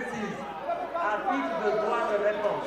précise à titre de droit de réponse.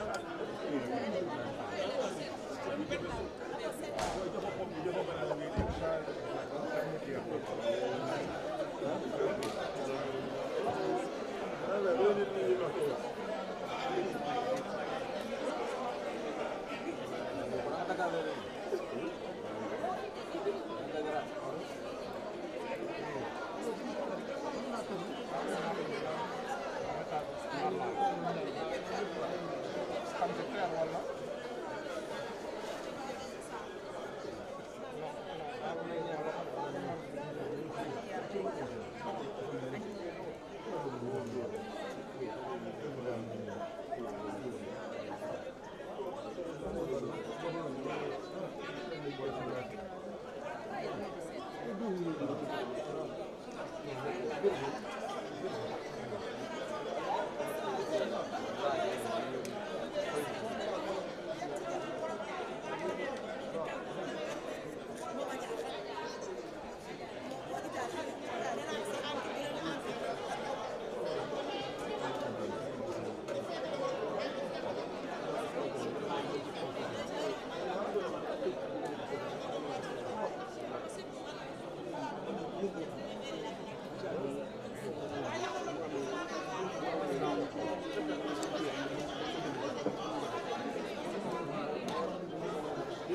wala.